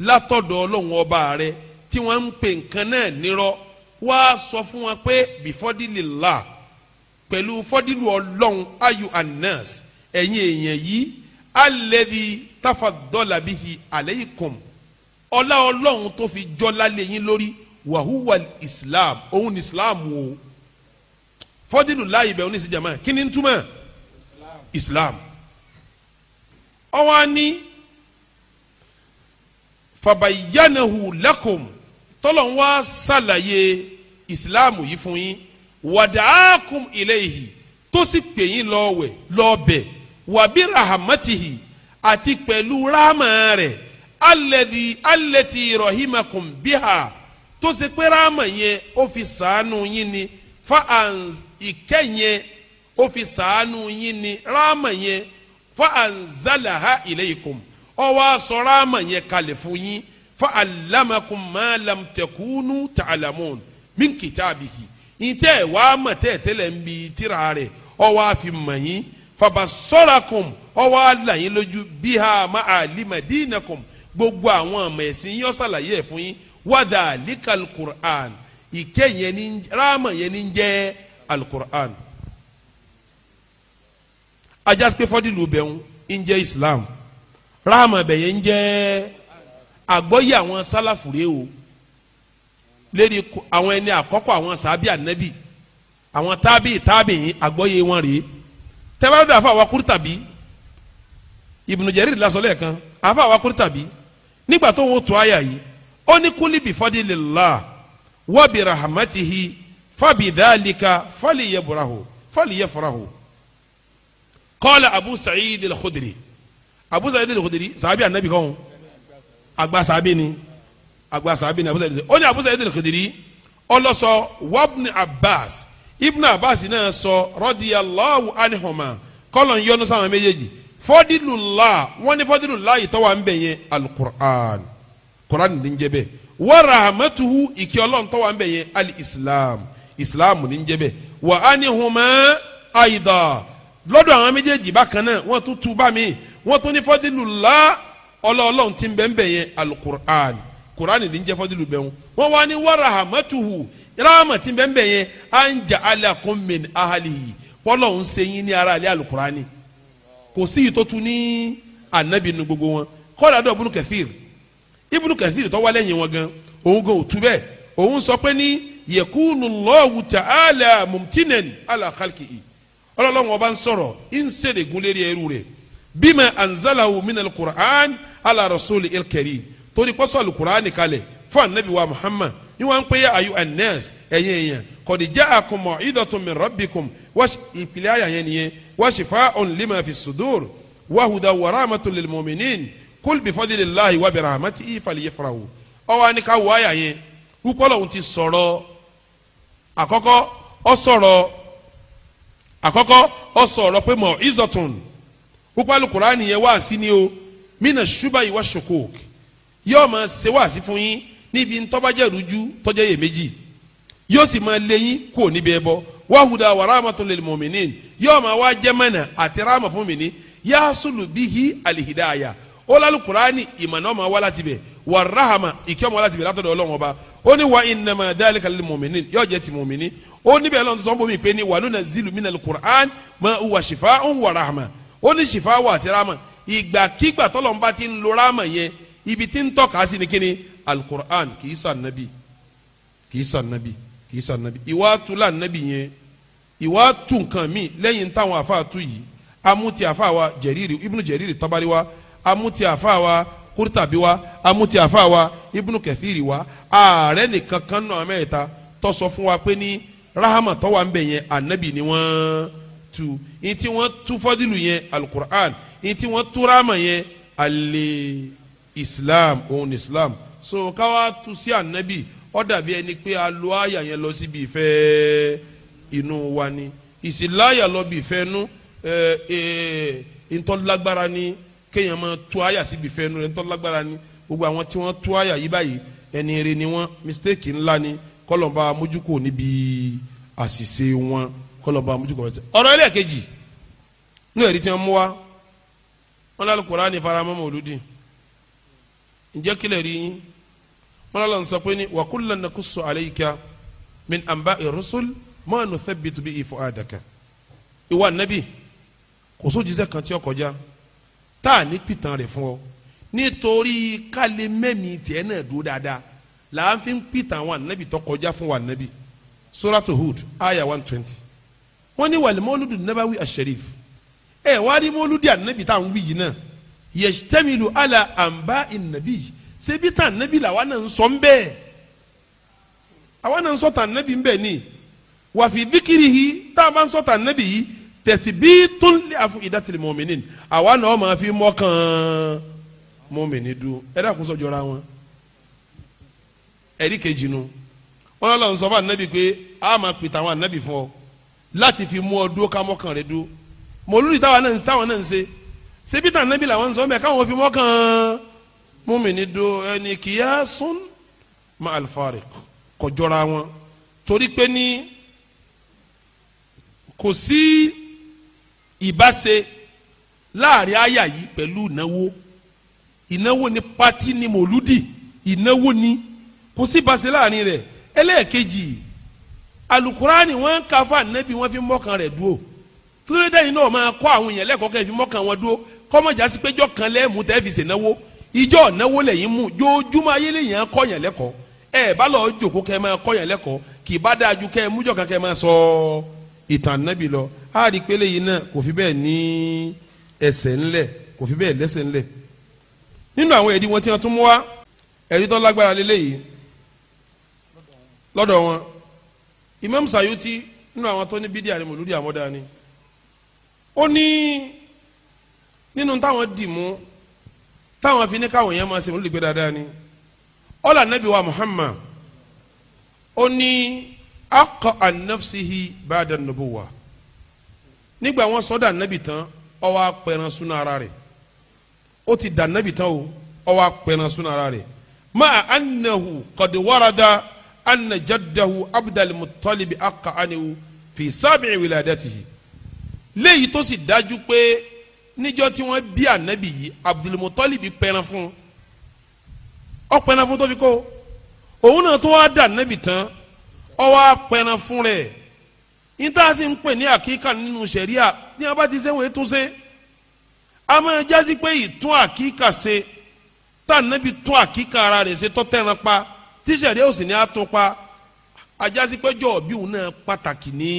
látọ̀dọ̀ ọlọ́run ọba rẹ tí wọ́n ń pè nǹkan náà nírọ́ wá sọ fún wọn pé bifadilillah pẹ̀lú fọ́dílù ọlọ́run ayu anas ẹ̀yin èèyàn yìí alladhi tafaddala bihi alaykum ọlá ọlọ́run tó fi jọ́lá lé yín lórí wàhúwà islam òun ni islam o fọ́dílù láàyè bẹ̀ oníṣẹ́ jama kí ni ń islam ọwọ́ ni fabayanahu lakum tọ́lọ̀ ń wá sàlàyé islam yìí fún yín wàdàákùn ilayhi tó sì pè yín lọ́wẹ̀ lọ́ọ̀bẹ̀ wàbí rahamatihi àti pẹ̀lú ráàmà rẹ̀ alẹ́dì alẹ́tì rahimakum bíhà tó ṣe pé ráàmà yẹn ó fi sàánú yín ni fa ìkẹ́ yẹn ó fi sàánú yín ni ráàmà yẹn fa anzalaha ilaykum ó wá sọ ráàmà yẹn kalẹ̀ fún yín fa alamakum ma lam takunu ta'lamun min kitabihi ìtẹ́ wàá mọ̀ tẹ́ẹ̀tẹ́lẹ̀ ń bi tíra rẹ̀ ó wá fi mọ̀ yín fabasọ́rakum ó wá lójú bíhá ma àlìmọ̀ dínàkùn gbogbo àwọn ọmọ ẹ̀sìn yọ sàlàyé ẹ̀ fún yín wàdà àlìkàl Qur'an ìkẹ́ yẹn ní ráàmọ̀ yẹn jẹ́ alukur'an ajásípé fọ́dílù bẹ̀rù ń jẹ́ islam ráàmù ẹ̀bẹ̀yẹ ń jẹ́ àgbọ́yé àwọn sálàfù rèé o lérí àwọn ẹni àkọ́kọ́ àwọn sàábì ànábì àwọn tábì tábì yín àgbọ́yé wọn rèé tẹ́wọ́dọ̀ àfa àwa Kurtabi Ibn Jarir lásán lẹ́ẹ̀kan àfa àwa Kurtabi nígbà tó ń wo tó àyà yìí ó ní kúlíbi fadilillah wa bi rahmatihi fabidhalika faliyabrahu faliyafrahu qala abu sa'id al-khudri abu sa'id al-khudri sàbí anabi kan agba sàbí ni agba sàbí ni abu sa'id al-khudri ó ní abu sa'id al-khudri ọlọsọ wabni abbas ibn abbas náà sọ radiyallahu anhuma kọlọ̀ ń yọnu sáwọn méjèèjì fọdílùlá wọn ní fọdílùlá yìí tọ́wọ́ à ń bẹ̀ yẹn alukur'an kur'an ní jẹ́ bẹ́ẹ̀ wa rahmatuhu ìkẹ́ ọlọ́run tọ́wọ́ à ìsìláàmù ní jẹ́ bẹ́ẹ̀ wà á ní hun mọ́ àyìdá lọ́dọ̀ àwọn méjèèjì bákan náà wọ́n tún tú bá mi wọ́n tún ní fọ́dílù lá ọlọ́ọ̀lọ́hún ti ń bẹ́ẹ̀ bẹ́ẹ̀ yẹn alukur'an kur'an ní jẹ́ fọ́dílù bẹ́ẹ̀ wọ́n wá ní wàrà hàmẹ́tuhù ráàmà ti ń bẹ́ẹ̀ bẹ́ẹ̀ yẹn à ń jà alákùn min ahalihi fọlọ́hún ṣe yín ní ara alẹ́ alukur'an kò sí ìtótú ní anabi nu gbogbo wọn kọ́lá dọ̀ ibùnú kẹfìr ibùnú kẹfìr tó wọn gan òun gan ò bẹ́ẹ̀ òun sọ pé ní yakunu Allahu ta'ala mumtinan ala khalqihi ọlọ́run ọba ń sọ̀rọ̀ ń sèrè gúnlẹ̀ rí ẹrú rẹ̀ bima anzalahu minal qur'an ala rasuli ilkari torí pọ́sọ̀ alukur'an kalẹ̀ fún anabi wa muhammad ni wọ́n ń pè é ayu anas ẹ̀yìn ẹ̀yìn kọ̀dí já àkùnmọ̀ ìdọ̀tún min rabbikum ìpìlẹ̀ àyà yẹn nìyẹn wa shifa'un lima fi sudur wa huda wa rahmatun lil mu'minin kul bi fadlillahi wa bi rahmatihi falyafrahu ọwọ́ àníkà wọ́ àyà yẹn wúkọ́ lọ́hùn ti àkọ́kọ́ ọ sọ̀rọ̀ àkọ́kọ́ ọ sọ̀rọ̀ pé mọ̀ izọ̀tún púpàlù kùránì yẹn wá sí ni o mina ṣuba ìwà ṣokòk yóò máa ṣe wá sí fún yín níbi ntọ́bajẹ́ rújú tọ́jẹ́ yè méjì yóò sì máa lé yín kúrò níbi ẹbọ wàhùdà wà ráhàmàtún lil mu'minin yóò máa wá jẹ́ àti ráhàmà fún mi ní yásùlù bíhí alìhídáyà ó lálù kùránì ìmọ̀nà ọmọ wa láti bẹ̀ wà ìkẹ́ ọmọ wa láti bẹ̀ látọ̀dọ̀ ọlọ́run ó ní wa innama dhalika lil mu'minin yóò jẹ́ ti mu'minin ó níbẹ̀ lọ́n tó sọ́n bómi pé ní wa nunazzilu minal qur'an ma huwa shifa'un wa rahma ó ní shifa wa àti rahma ìgbàkígbà tọ́lọ́n bá ti ń lo rahma yẹn ibi tí ń tọ́ka sí ni kíni alukur'an kìí sàn nabi kìí sàn nabi kìí sàn nabi ìwà tula nabi yẹn ìwà tu nǹkan mi lẹ́yìn táwọn afa tu yìí amuti afa wa jẹ̀rìrì ibnu jẹ̀rìrì tabari amuti afa wa kúrítàbí wa amúti àfa wa ibnu kẹfìrì wa ààrẹ nìkan kan náà mẹ́ta tó fún wa pé ní rahama tó wà ń bẹ̀ yẹn anabi ni wọ́n tu ní tí wọ́n tú fọ́dílù yẹn alukur'an ní tí wọ́n tú rahama yẹn alẹ́ islam òun ni islam so káwa tu sí anabi ó dàbí ẹni pé a lo àyà yẹn lọ síbi ìfẹ́ inú wa ni ìsìláyà lọ bí ìfẹ́ inú eh, eh, ntọ́lágbára ni kéèyàn máa tú àyà síbi fẹ́nu rẹ̀ ńtọ́ lágbára ni gbogbo àwọn tí wọ́n tú àyà yìí báyìí ẹni eré ni wọ́n mistake ńlá ni kọ́lọ̀mbà mójúkò níbi àṣìṣe wọn kọ́lọ̀mbà mójúkò wọn. ọ̀rọ̀ ilé kejì ní ẹ̀rí tí wọ́n mú wa wọn lálẹ́ Kùránì faramọ́ mọ̀lúdì ǹjẹ́ kílẹ̀ rí yín wọn lálẹ́ sọ pé ní wa kullan naqussu alayka min anba'i rusul ma nuthabbitu bihi fu'adaka ìwà nabi kò sóòjì sẹ́kàn tí ó kọjá tá a ní pìtàn rẹ̀ fún ọ nítorí kálẹ̀ mẹ́mí tiẹ̀ náà dúró dáadáa là ń fi ń pìtàn àwọn ànábì tó kọjá fún wa ànábì suratu hud aya one twenty wọ́n ní wàlẹ̀ mọ́lúdù nabawi asherif ẹ̀ wá rí mọ́lúdì ànábì tá à ń wí yìí náà yẹ̀sítẹ́mìlú àlà àǹbá ìnàbí ṣebí tá ànábì làwa náà ń sọ ń bẹ́ẹ̀ àwa náà ń sọ tà ànábì bẹ́ẹ̀ ni wàfi díkìrì yìí tá a bá ń sọ tà ànábì yìí tathbitun li afidatil mu'minin àwa náà máa fi mọ́kàn mu'minin dùn ẹ dákun sọ jọra wọn ẹ̀rí kejì nu wọn lọ sọ fún anabi pé a máa pè táwọn anabi fún ọ láti fi mú ọ dúró ká mọ́kàn rẹ dúró mòlúdi táwọn náà ń ṣe táwọn náà ń ṣe ṣebí tá anabi làwọn ń sọ mẹ káwọn fi mọ́kàn mu'minin dùn ẹni kiyasun ma al-fariq kò jọra wọn torí pé ní kò sí ìbáṣe láàrin àyà yìí pẹ̀lú ìnáwó ìnáwó ni pati ni mòlúdì ìnáwó ni kò sí ìbáṣe láàrin rẹ̀ ẹlẹ́ẹ̀kejì alukurani wọn ka fa nẹ́bí wọn fi mọ́kàn rẹ̀ dúró kílódé yìí náà máa kọ́ àwọn èèyàn lẹ́kọ̀ọ́ kẹ́ fi mọ́kàn wọn dúró kọ́mọ̀já sí péjọ́ kan lẹ́ẹ̀mú tẹ́ fi ṣe náwó ìjọ náwó lẹ́yìn mú jójúmọ́ ayé lèyìn kọ́ yàn lẹ́kọ̀ọ́ ẹ bá lọ́ọ́ jòkó kẹ́ máa kọ́ yàn lẹ́kọ̀ọ́ kì í bá dáa ju kẹ́ mújọ́ kan kẹ́ máa sọ ìtàn nẹ́bí lọ a rí pélé yìí náà kò fi bẹ́ẹ̀ ní ẹsẹ̀ ńlẹ̀ kò fi bẹ́ẹ̀ lẹ́sẹ̀ ńlẹ̀ nínú àwọn ẹ̀rí wọn tí wọ́n tún mú wá ẹ̀rí tó lágbára lélẹ́yìí lọ́dọ̀ wọn Imam Sayuti nínú àwọn tó ní bídíà ni mòlúdi àmọ́dá ni ó ní nínú táwọn dì mú táwọn fi ní káwọn yẹn máa ṣe mòlúdi dáadáa ni ọ̀là nàbí wa Muhammad ó ní akọ ànáfsìhì ba'da nubuwah nígbà wọn sọ dànàbì tán ó wá pẹran súnà ara rẹ̀ ó ti dànàbì tán o ó wá pẹran súnà ara rẹ̀ ma anahu qad warada anna jaddahu abdul muttalib aka anihu fi sábẹ̀ wiladatihi léyìí tó sì dájú pé níjọ́ tí wọ́n bí ànábì yìí abdul muttalib pẹran fún ọ pẹran fún tó fi kó òun náà tó wá dà tán ọ wá fún rẹ̀ níta sì ń pè ní àkíkà nínú sẹ̀ríà ní a bá ti sẹ́wọ̀n ètò ṣe a máa jásí pé ìtún àkíkà ṣe tá ànábi tún àkíkà ara rẹ̀ ṣe tọ́tẹ̀ràn pa tí sẹ̀ríà ò sì ní àtún pa a jásí pé jọ̀ọ́bí òun náà pàtàkì ní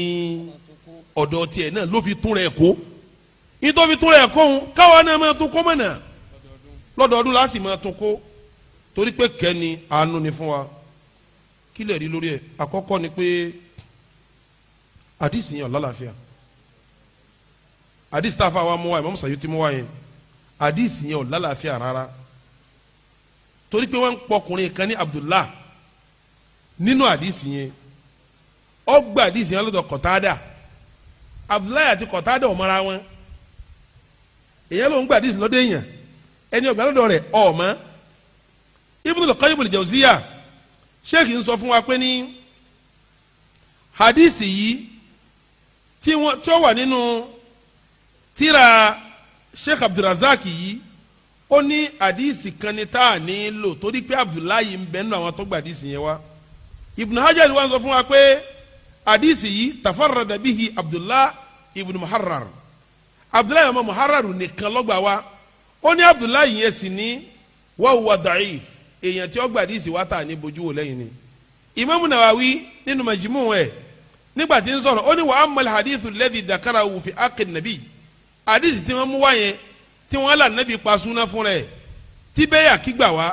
ọ̀dọ̀ tiẹ̀ náà ló fi tún rẹ̀ kó nítorí fi tún rẹ̀ kó òun káwa náà máa tún kó mọ̀nà lọ́dọọdún láti máa tún kó torí pé kẹ́ni àánú ni fún wa kí rí lórí ẹ̀ àkọ́kọ́ ni pé. Pe àdìsí yẹn ọ̀làlàfíà àdìsí tá a fà wá mú wá yẹn mọ́mú sàyó ti mú wá yẹn àdìsí yẹn ọ̀làlàfíà rárá torí pé wọ́n ń pọkùnrin kan ní Abdullah nínú àdìsí yẹn ó gba àdìsí yẹn lọ́dọ̀ Kọ̀tádà Abdullah àti Kọ̀tádà ò mọ́ra wọn èyàn ló ń gba àdìsí lọ́dọ̀ èèyàn ẹni ọ̀gbà lọ́dọ̀ rẹ̀ ọ̀ọ́mọ́ Ibnul Qayyim al-Jawziyya sheikh ń sọ fún wa pé ní àdìsí yìí tí wọ́n tó wà nínú tíra Sheikh Abdulrazak yìí ó ní àdìsí kan ní tá a ní lò torí pé Abdullahi ń bẹ nínú àwọn tó gba àdìsí yẹn wá Ibn Hajar wá sọ fún wa pé àdìsí yìí tafarrada bihi Abdullah ibn Muharrar Abdullahi ọmọ Muharrar nìkan lọ́gbà wá ó ní Abdullahi yẹn sì ní wa huwa da'if èèyàn tí ó gba àdìsí wá tà ní bojú wò lẹ́yìn ni Imam Nawawi nínú Majmu' ẹ̀ nígbà tí ń sọ̀rọ̀ ó ní wa amal hadithu lẹ́dí dakara wùfi akin nabi hadith tí wọ́n mú wá yẹn tí wọ́n là nabi pa súná fúnra ẹ̀ tí bẹ́ẹ̀ yà kígbà wá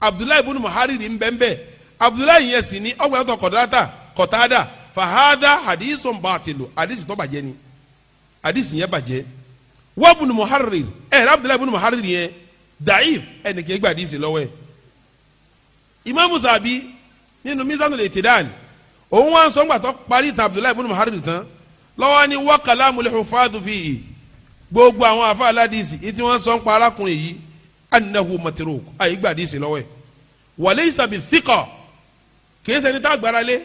abdullahi ibn muhariri ń bẹ́ńbẹ́ abdullahi yẹn sì ní ọgbà tó kọ̀dáta kọ̀táda fahada hadith ń bá a ti lò hadith tó bàjẹ́ ni hadith yẹn bàjẹ́ wa ibn muhariri ẹ̀ abdullahi ibn muhariri yẹn daif ẹnì gbà hadith lọ́wọ́ ẹ̀ òun wá ń sọ ńgbà tó parí ìtàn abdullahi ibn muharib tán lọ́wọ́ ni wọ́kàlá amúlẹ̀hùn fáàdù fi yìí gbogbo àwọn afa aládìsí ìtí wọ́n sọ ńpa arákùnrin yìí anahu matruk àyè gbàdísì lọ́wọ́ ẹ̀ wàlẹ́ ìsàbí fíkọ̀ kìí ṣẹni tá a gbára lé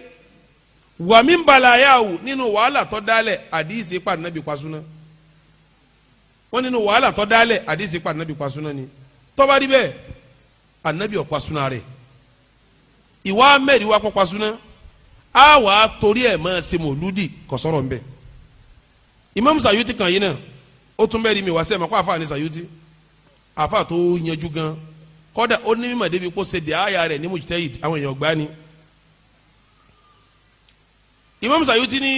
wàmí ń balẹ̀ ayáwó nínú wàhálà tó dálẹ̀ àdìsí pa nàbí pasúná nínú wàhálà tó dálẹ̀ àdìsí pa nàbí ni tó bá rí bẹ́ẹ̀ ànàbí ọ̀ pasúná rẹ̀ ìwà mẹ́rin wà pọ̀ pasúná a wà á torí ẹ̀ máa ṣe mòlúdì kò nbẹ. Imam Sayuti kan yìí náà ó tún bẹ́ẹ̀ rí mi wá sẹ́ẹ̀ mọ̀ kó àfa ni Sayuti àfa tó yanjú gan kọ́dà ó ní mímọ̀ débi kó ṣe dé àyà rẹ̀ ní mujtahid àwọn èèyàn gbá ni. Imam Sayuti ní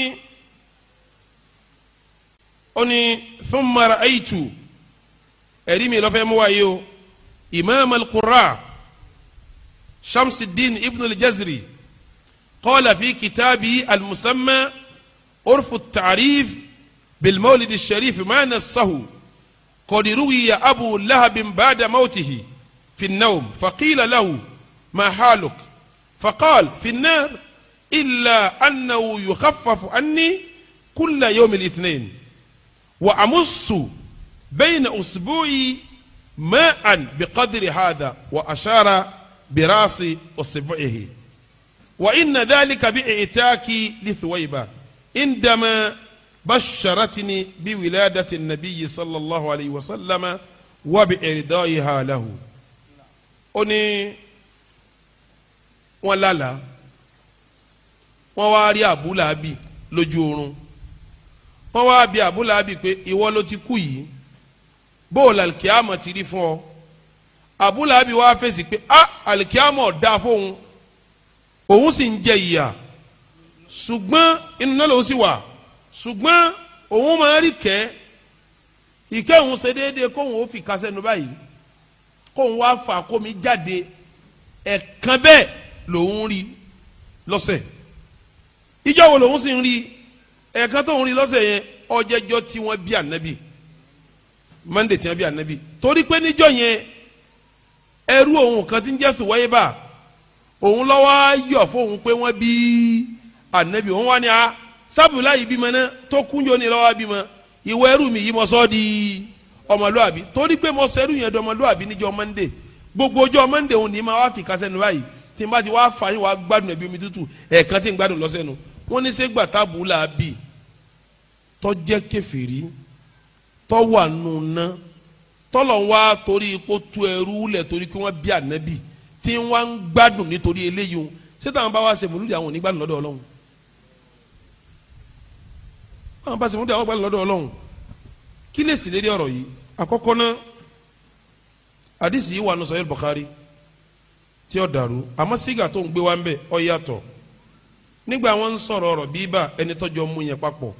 ó ní thumma ra'aytu ẹ̀rí mi lọ́fẹ́ mú wáyé o Imam al-Qurra Din ibn al-Jazri. قال في كتابه المسمى عرف التعريف بالمولد الشريف ما نصه قد روي أبو لهب بعد موته في النوم فقيل له ما حالك فقال في النار إلا أنه يخفف عني كل يوم الاثنين وأمص بين أسبوعي ماء بقدر هذا وأشار براس أصبعه وإن ذلك بإعتاكي لثويبة عندما بشرتني بولادة النبي صلى الله عليه وسلم وبإرضائها له أني ولا لا wọ́n wá rí àbúlàábì lójú oorun wọ́n wá bi àbúlàábì pé ìwọ ló ti kú yìí bóòlù àlìkíyàmọ̀ ti rí fún ọ àbúlàábì wá fèsì pé ah àlìkíyàmọ̀ dáa fóun òun sì ń jẹ ìyà ṣùgbọ́n inú náà lòun sì wà ṣùgbọ́n òun máa rí kẹ́ ìkẹ́ òun ṣe déédéé kóun ó fi kásẹ̀ nu báyìí kóun wá fà kómi jáde ẹ̀ẹ̀kan bẹ́ẹ̀ lòun rí lọ́sẹ̀ ìjọ wo lòun sì ń rí ẹ̀ẹ̀kan tóun rí lọ́sẹ̀ yẹn ọjẹ́jọ́ tí wọ́n bí ànábì mọ́ndé tí wọ́n bí ànábì torí pé níjọ́ yẹn ẹrú òun kan ti ń jẹ́ fìwáyé báà òun lọ́wọ́ yọ̀ fóun pé wọ́n bí ànábì òun wá ní a ah, sábùlá yìí bímọ náà tó kúnjọ ní lọ́wọ́ bímọ ìwọ ẹrú mi yìí mọ sọ́ di ọmọlúàbí torí pé mo sẹ́rù yẹn dọmọlúàbí níjọ mọ́ndé gbogbo ọjọ́ mọ́ndé òun ní ma wá fi kásẹ̀ nu báyìí tí n bá ti wá fà yín wá gbádùn ẹ̀bí omi tútù ẹ̀ẹ̀kan tí n gbádùn lọ́sẹ̀ nu wọ́n ní sẹ́gbà tábùlà bì tọ́jẹ́ kẹfìrí tọ́wà nùnà tọ́lọ̀ wá torí ipò tu ẹrú lẹ̀ torí pé wọ́n bí ànábì tí wọ́n ń gbádùn nítorí eléyìí o ṣé táwọn bá wá ṣe mòlúdì àwọn ò ní gbádùn lọ́dọ̀ ọlọ́run báwọn bá ṣe mòlúdì àwọn gbádùn lọ́dọ̀ ọlọ́run kí lè sì lérí ọ̀rọ̀ yìí àkọ́kọ́ náà àdìsí yìí wà nù sọ́yẹ́ Bukhari tí ó dàrú àmọ́ sígà tó ń gbé wá ń bẹ̀ ó yàtọ̀ nígbà wọn ń sọ̀rọ̀ ọ̀rọ̀ bíbà ẹni tọ́jọ́ mú yẹn papọ̀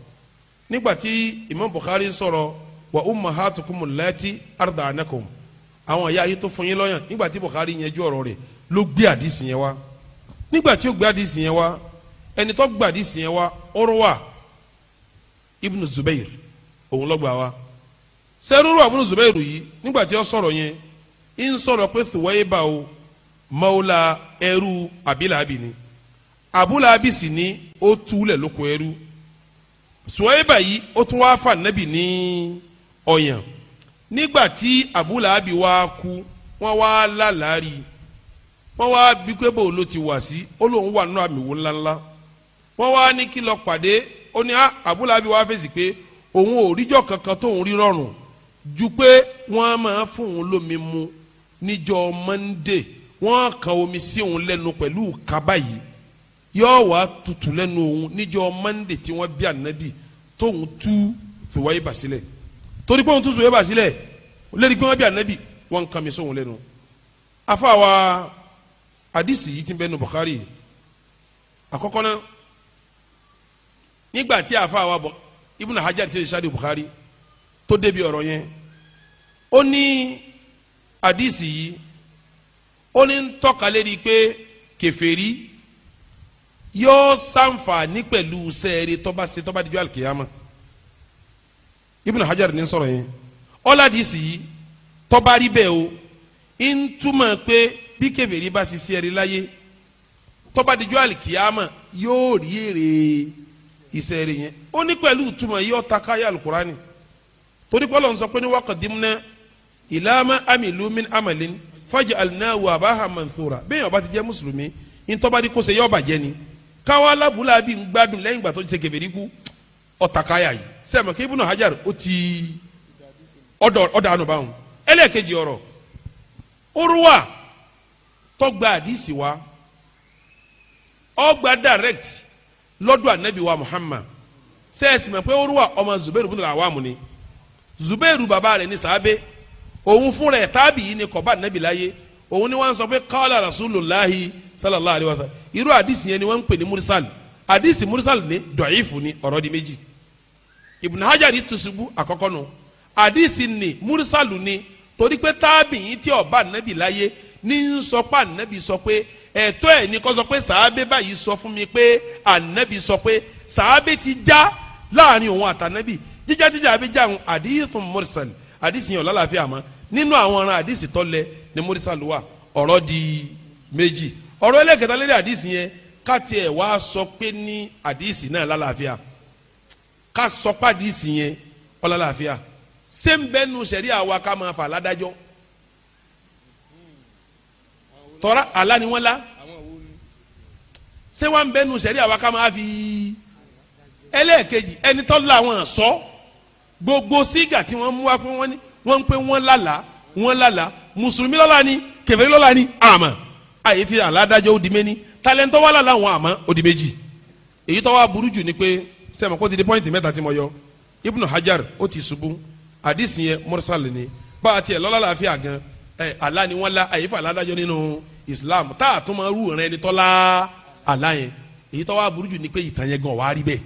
nígbà tí Imam Bukhari sọ̀rọ̀ wa ummahatukum allati arda'anakum àwọn ìyá ayé tó fún yín lọ́yàn nígbà tí Bukhari yanjú ọ̀rọ̀ rẹ̀ ló gbé àdìsí yẹn wá nígbà tí ó gbé àdìsí yẹn wá ẹni tó gbé àdìsí yẹn wá Urwa ibn Zubair òun ló gbà wá sẹ́rúrú ibn Zubair yìí nígbà tí ó sọ̀rọ̀ yẹn ń sọ̀rọ̀ pé Thuwayba o mọ́wúlà ẹrú abilabi ni abúlábi sì ni ó túlẹ̀ lóko ẹrú Thuwayba yìí ó tún wá fà nẹ́bì ní ọ̀yàn nígbà tí abúlàábì wá kú wọ́n wá lálàárí wọ́n wá bí olo bò ló ti wà sí ó lóun wà nínú àmì wò ńláńlá wọ́n wá ní kí lọ pàdé ó ní ah, abúlàábì wá fèsì pé òun ò ríjọ́ kankan tóun rí rọrùn ju pé wọ́n máa fún òun lómi mu níjọ́ Monday wọ́n kan omi sí òun lẹ́nu pẹ̀lú kaba yìí yóò wá tutù lẹ́nu òun níjọ́ Monday tí wọ́n bí ànábì tóun tú fìwáyé bàsílẹ̀ torí pé òun tún sòwébà sílẹ̀ lẹ́ni pé wọ́n bí ànábì wọ́n ń kan mi sóhun lẹ́nu afa wa hadisi yìí ti bẹ́ẹ̀ nu Bukhari àkọ́kọ́ náà nígbà tí afa wa bọ̀ Ibn Hajar ti ṣáde Bukhari tó débi ọ̀rọ̀ yẹn ó ní hadisi yìí ó ní ń tọ́ka lérí pé kèfèrí yóò ṣàǹfààní pẹ̀lú sẹ́ẹ̀rì tó bá ṣe tó bá Ibn Hajar ní sọ̀rọ̀ yẹn ọ̀làdìsí yìí tọ́ba rí bẹ́ẹ̀ o ń túmọ̀ pé bí kèfèrí bá sì sí ẹ̀rí láyé tọ́ba dijọ́ àlìkìyàmọ̀ yóò rí èrè iṣẹ́ rẹ̀ yẹn ó ní pẹ̀lú ìtumọ̀ yìí ọ̀ta káyà alukurani torí pé Ọlọ́run sọ pé ní waqadimna ila ma amilu min amalin faj'alnahu abaha manthura bẹ́ẹ̀ ọba ti jẹ́ mùsùlùmí ń tọ́ba di kó ni káwọn alábùúlà bíi ń gbádùn lẹ́yìn ìgbà ti ṣe kèfèrí kú ọ̀tàkáyà yìí sẹ́mi kí ibùnà hajar ó ti ọ̀dà ànú báwọn ẹlẹ́ẹ̀kejì ọ̀rọ̀ orúwà tọ́gba àdìsí wa ọgbà direct lọ́dọ̀ ànábì wa Muhammad sẹ́ẹ̀sì mọ̀ pé orúwà ọmọ Zubairu bùnà àwàmù ni Zubairu bàbá rẹ̀ ní sàábé òun fúnra ẹ̀ tábì yìí ni kọ̀bá ànábì láyé òun ni wọ́n sọ pé kọ́lá Rasulullahi sallallahu alayhi wa sallam irú àdìsí yẹn ni wọ́n ń pè ní mursal àdìsí mursal ni dọ̀yìfù ni ọ̀rọ̀ di méjì. Ibn Hajar tu ṣubú àkọ́kọ́ nu àdìsí ni mùrísàlù ni torí pé tábìyìn tí ọba nàbì láyé ní ń sọ pé ànábì sọ pé ẹ̀tọ́ ẹ̀ ní kó sọ pé sàábé báyìí sọ fún mi pé ànábì sọ pé sàábé ti já láàrin òun àtànábì jíjá jíjá àbí já òun àdìsùn mùrísàl àdìsí yẹn ọ̀làlàfíà mọ́ nínú àwọn ọ̀ràn àdìsí tọ́lẹ̀ ni mùrísàlù wà ọ̀rọ̀ di méjì ọ̀rọ̀ ẹlẹ́kẹta lédè ká sọ pàdísì yẹn ọlọ́láàfíà ṣé ń bẹ́ẹ̀ nu sẹ̀rí àwa ká máa fà ládájọ́ tọ́ra àlá ni wọ́n lá ṣé wọ́n ń bẹ́ẹ̀ nu sẹ̀rí àwa ká máa fi ẹlẹ́ẹ̀kejì ẹni tọ́ làwọn sọ gbogbo sígà tí wọ́n mú wá pé wọ́n ní wọ́n ń pé wọ́n lálàá wọ́n lálàá mùsùlùmí lọ́la ni kèfèrí lọ́la ni àmọ́ àyè fi àládájọ́ ó di wà lálàá wọn àmọ́ ó èyí tó wà burú jù ni pé sẹ́mi kó ti di pọ́ìntì mẹ́ta tí mo yọ ibnu hajar ó ti ṣubú àdìsí yẹn mursal ni bá a tiẹ̀ lọ́la làáfíà gan ẹ̀ àlá ni wọ́n la àyífà aládájọ́ nínú islam tá a tún máa rú rẹ ẹni tọ́lá àlá yẹn èyí tó wá burú jù ni pé ìtàn yẹn gan wàá rí bẹ́ẹ̀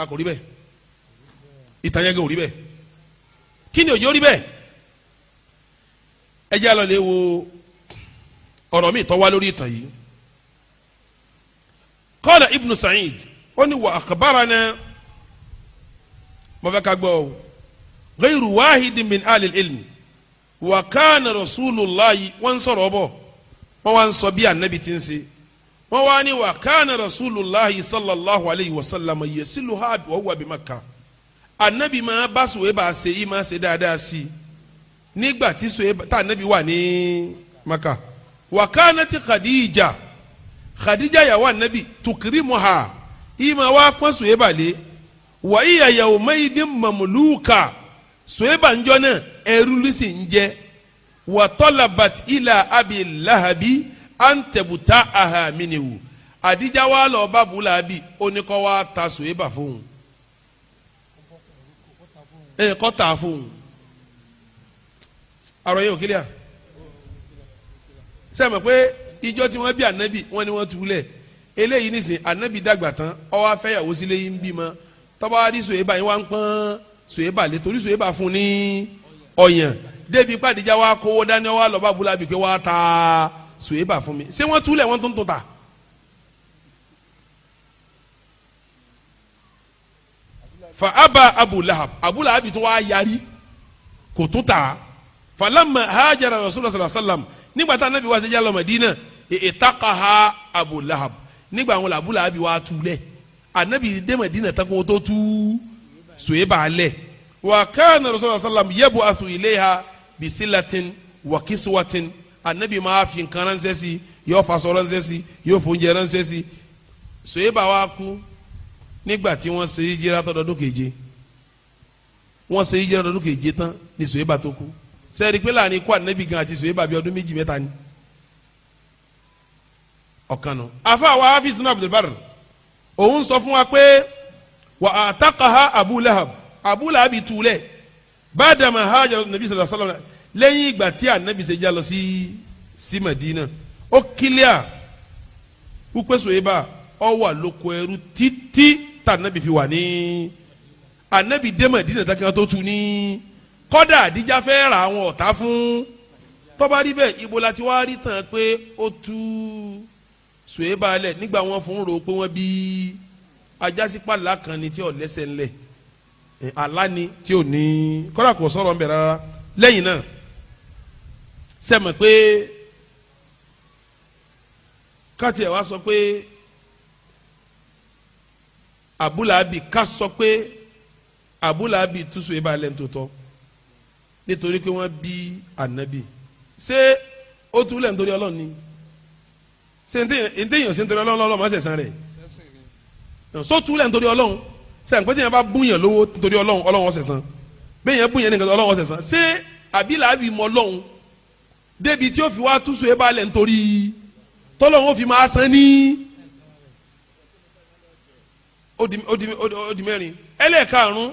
a kò rí bẹ́ẹ̀ ìtàn yẹn gan ò rí bẹ́ẹ̀ kí ni òjò rí bẹ́ẹ̀ ẹ jẹ́ àlọ́ wo ọ̀rọ̀ mi tó wá lórí ìtàn yìí qala ibnu sa'id ó ní wà akhbarana mo fẹ́ ká gbọ́ o ghayru wahidin min alil ilmi wa kana rasulullahi wọ́n ń sọ̀rọ̀ bọ̀ wọ́n wá ń sọ bí anabi ti ń ṣe wọ́n wá ní wa kana rasulullahi sallallahu alayhi wa sallam yasiluha wa huwa bi Makkah anabi máa bá sùwé bá a ṣe yìí máa ṣe dáadáa sí i nígbà tí sùwé tá anabi wà ní Makkah wa kanati Khadija Khadija yàwó anabi tukrimuha ìmọ̀ wa pọ́n sùwébà lé wà í yàyàwó mẹ́yìdì mọ̀mọ́lúùkà sùwébà ńjọ náà ẹrú lùsì ń jẹ́ wà tọ́làbàt ilà abi lahabi àǹtẹ̀bùtà àhàmìnìwò àdíjà wa lọ bá bùlàbí oníkọ́ wa ta sùwébà fóun ẹ kọ́ ta fóun àrò yẹn ò kílíà sẹ́mi pé ìjọ tí wọ́n bí ànábì wọ́n ni wọ́n tu lẹ̀ eléyìí nísìn anabi dàgbà tán ó wá fẹ́yàwó sílé yìí ń bímọ tọ́ba wa rí sòyébà yín wá ń pọ́n sòyébà lé torí sòyébà fún ní ọ̀yàn débi pàdéjà wa kówó dání wa lọ́ba bula bìkẹ́ wa ta sòyébà fún mi ṣé wọ́n túlẹ̀ wọ́n tó ń tó ta. fa aba abu lahab abu lahab tún wá yarí kò tún ta falama hajara rasulillah sallallahu alaihi wa sallam nígbà tá anabi wa ṣe yálọ madina ìtàkà ha abu lahab nígbà wọn làbú làbí wa tu lẹ anabi dèmẹdínà tán tó tu sòye bá lẹ wa kana rasulullah sallam yabu asu ilayha bisilatin wa kiswatin anabi máa fi nǹkan ránṣẹ́ sí yóò fasọ ránṣẹ́ sí yóò fóúnjẹ ránṣẹ́ sí sòye bá wa kú nígbà tí wọ́n ṣe yíjíra tọdọdún keje wọ́n ṣe yíjíra tọdọdún keje tán ni sòye bá tó kú sẹ́ẹ̀rì pé láàrin ikú anabi gan àti sòye bá bí ọdún méjì mẹ́ta ni ọ̀kan nu afa wa hafi sinu abdulbar òun sọ fún wa pé wa àtàkàhà abu lahab abu lahab tuulẹ̀ bàdàmà hajar nabi sallallahu alayhi wa ìgbà tí anabi ṣe já lọ sí sí madina ó kílíà wípé sòyébà ọ wà lóko ẹrú títí tá anabi fi wà ní anabi dé madina dákẹ́ tó tu ní kọ́dà àdíjà fẹ́ ra àwọn ọ̀tá fún tọ́ba rí bẹ́ẹ̀ ibo la ti rí tàn pé ó tú sòye balẹ̀ nígbà wọn fún ro pé wọn bí ajásípà làkàn ni tí ò lẹ́sẹ̀ ńlẹ̀ àlá ni tí ò ní kọ́dà kò sọ̀rọ̀ ńbẹ̀ rárá lẹ́yìn náà sẹ́mi pé káàtì ẹ̀ wá sọ pé abúlábì ká sọ pé abúlábì túṣu ibà lẹ́ńtòtọ́ nítorí pé wọ́n bí ànábì ṣé ó túlẹ̀ nítorí ọlọ́ọ̀ni ṣe ntẹ̀yìn ṣe nítorí ọlọ́run ọlọ́run ọ̀sẹ̀ san rẹ̀ sọ́túlẹ̀ nítorí ọlọ́run sẹ́ǹpẹ́ tí yẹn bá búyàn lówó nítorí ọlọ́run ọlọ́run ọ̀sẹ̀ san bẹ́ẹ̀ yẹn búyàn nìkan ọlọ́run ọ̀sẹ̀ san ṣé àbílàbí mọ ọlọ́run débi tí ó fi wá túṣu ẹ balẹ̀ nítorí tọ́lọ́run ó fi máa san ní odi mẹ́rin ẹlẹ́ẹ̀karùn-ún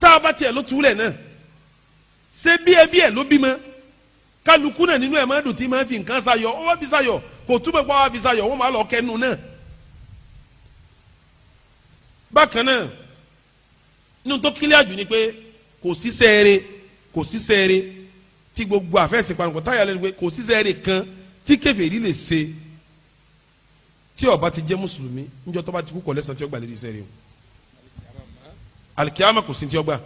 tá a bá tiẹ̀ ló túlẹ̀ náà ṣé bí ẹ bí ẹ ló bímọ kálukú náà nínú ẹ̀ máa dùn tí máa fi nǹkan sayọ ọwọ́ bí sayọ kò túbọ̀ pa wá fi sayọ̀ wọ́n máa lọ kẹnu náà. bákan náà inú tó kílẹ̀ àjù ni pé kò sí sẹ́ẹ̀rẹ̀ kò sí sẹ́ẹ̀rẹ̀ tí gbogbo àfẹ́sìn panupọ̀ táyà lẹ́nu pé kò sí sẹ́ẹ̀rẹ̀ kan tí kèfèrí lè ṣe tí ó bá ti jẹ́ mùsùlùmí níjọ́ tó bá ti kú kọ̀ lẹ́sàn tí ó gbà lè di sẹ́ẹ̀rẹ̀ o alikiyama kò sí ti ọgbà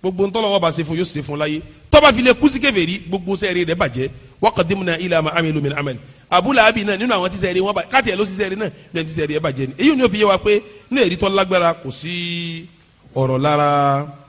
gbogbo ntọ́lọ́wọ́ bá ṣe fún yóò ṣe fún láyé tó fi lè kú sí kèfèrí gbogbo sẹ́ẹ̀rẹ̀ rẹ̀ bàjẹ́ wa qadimna ila ma amilu min amal abúlàábì náà nínú àwọn tí sẹ́ẹ̀rì wọn bàjẹ́ káàtì ẹ̀ ló sì sẹ́ẹ̀rì náà nínú ẹ̀ tí sẹ́ẹ̀rì ẹ̀ bàjẹ́ ni èyí ni ó fi yé wa pé nínú ẹ̀rí tó lágbára kò sí ọ̀rọ̀ lára